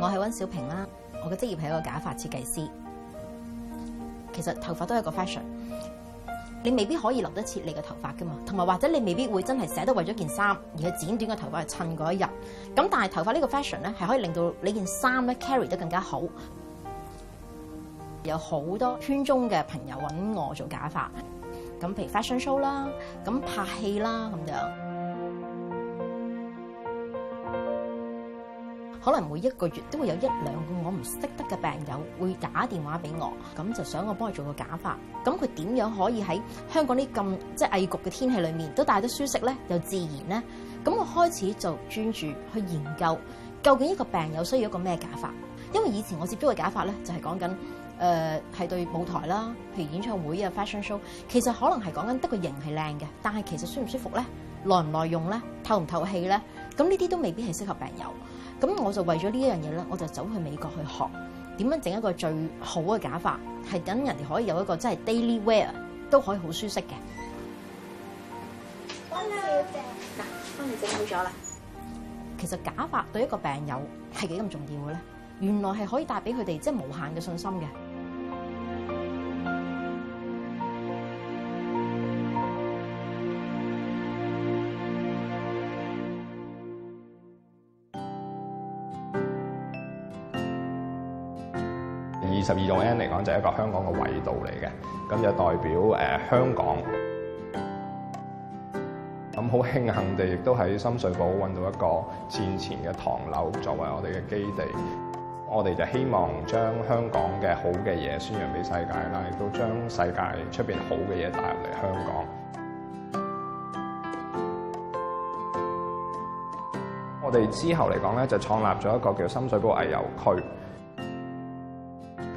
我係溫小蘋啦，我嘅職業係一個假髮設計師。其實頭髮都係一個 fashion，你未必可以留得切你嘅頭髮噶嘛，同埋或者你未必會真係捨得為咗件衫而去剪短個頭髮嚟襯嗰一日。咁但係頭髮呢個 fashion 咧，係可以令到你件衫咧 carry 得更加好。有好多圈中嘅朋友揾我做假髮，咁譬如 fashion show 啦，咁拍戲啦咁樣。可能每一個月都會有一兩個我唔識得嘅病友會打電話俾我，咁就想我幫佢做個假髮。咁佢點樣可以喺香港啲咁即係翳焗嘅天氣裏面都帶得舒適咧，又自然咧？咁我開始就專注去研究，究竟呢個病友需要一個咩假髮？因為以前我接觸嘅假髮咧，就係講緊誒係對舞台啦，譬如演唱會啊、fashion show，其實可能係講緊得個型係靚嘅，但係其實舒唔舒服咧，耐唔耐用咧，透唔透氣咧？咁呢啲都未必係適合病友，咁我就為咗呢一樣嘢咧，我就走去美國去學點樣整一個最好嘅假髮，係等人哋可以有一個真係 daily wear 都可以好舒適嘅。嗱，幫你整好咗啦。其實假髮對一個病友係幾咁重要嘅咧，原來係可以帶俾佢哋即係無限嘅信心嘅。二十二度 N 嚟講，就係一個香港嘅緯度嚟嘅，咁就代表誒、呃、香港。咁好慶幸地亦都喺深水埗搵到一個戰前嘅唐樓作為我哋嘅基地，我哋就希望將香港嘅好嘅嘢宣揚俾世界啦，亦都將世界出邊好嘅嘢帶入嚟香港。我哋之後嚟講呢，就創立咗一個叫深水埗藝遊區。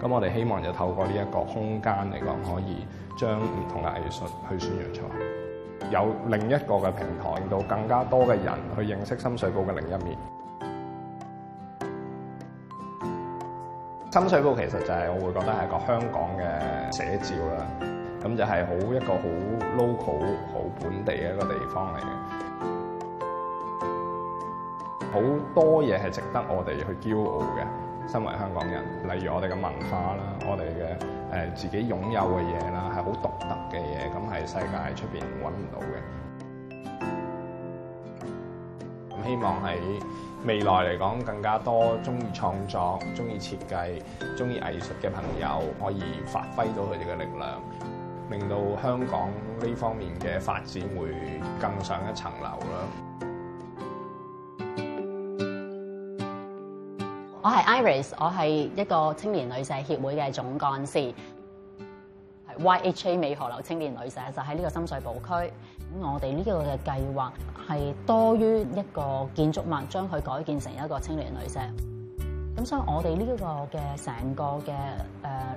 咁我哋希望就透過呢一個空間嚟講，可以將唔同嘅藝術去宣揚出有另一個嘅平台，令到更加多嘅人去認識深水埗嘅另一面。深水埗其實就係、係、我會覺得係一個香港嘅寫照啦，咁就係好一個好 local、好本地嘅一個地方嚟嘅。好多嘢係值得我哋去驕傲嘅。身為香港人，例如我哋嘅文化啦，我哋嘅誒自己擁有嘅嘢啦，係好獨特嘅嘢，咁係世界出面揾唔到嘅。希望喺未來嚟講，更加多鍾意創作、鍾意設計、鍾意藝術嘅朋友，可以發揮到佢哋嘅力量，令到香港呢方面嘅發展會更上一層樓啦。我係 Iris，我係一個青年旅舍協會嘅總幹事，YHA 美荷樓青年旅舍就喺、是、呢個深水埗區。咁我哋呢度嘅計劃係多於一個建築物，將佢改建成一個青年旅舍。咁所以我們這個個，我哋呢一個嘅成個嘅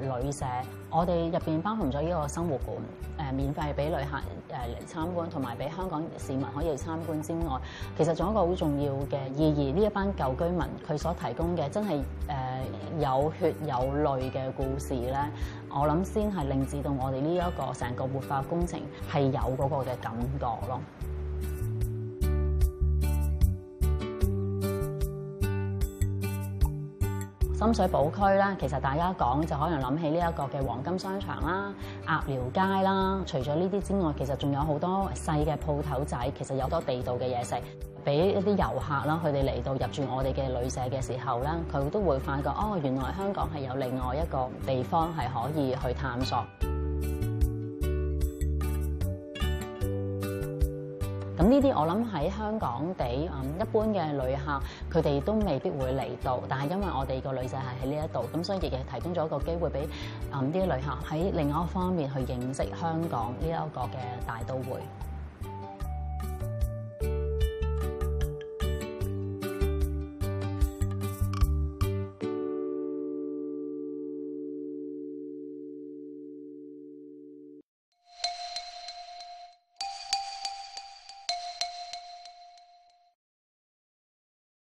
誒旅社，我哋入邊包含咗呢個生活館，誒、呃、免費俾旅客誒嚟參觀同埋俾香港市民可以參觀之外，其實仲有一個好重要嘅意義。呢一班舊居民佢所提供嘅真係誒、呃、有血有淚嘅故事咧，我諗先係令至到我哋呢一個成個活化工程係有嗰個嘅感覺咯。深水埗區啦，其實大家講就可能諗起呢一個嘅黃金商場啦、鴨寮街啦。除咗呢啲之外，其實仲有好多細嘅鋪頭仔，其實有多地道嘅嘢食，俾一啲遊客啦，佢哋嚟到入住我哋嘅旅舍嘅時候咧，佢都會發覺哦，原來香港係有另外一個地方係可以去探索。呢啲我諗喺香港地，嗯，一般嘅旅客佢哋都未必會嚟到，但係因為我哋個女仔係喺呢一度，咁所以亦係提供咗一個機會俾嗯啲旅客喺另外一方面去認識香港呢一個嘅大都會。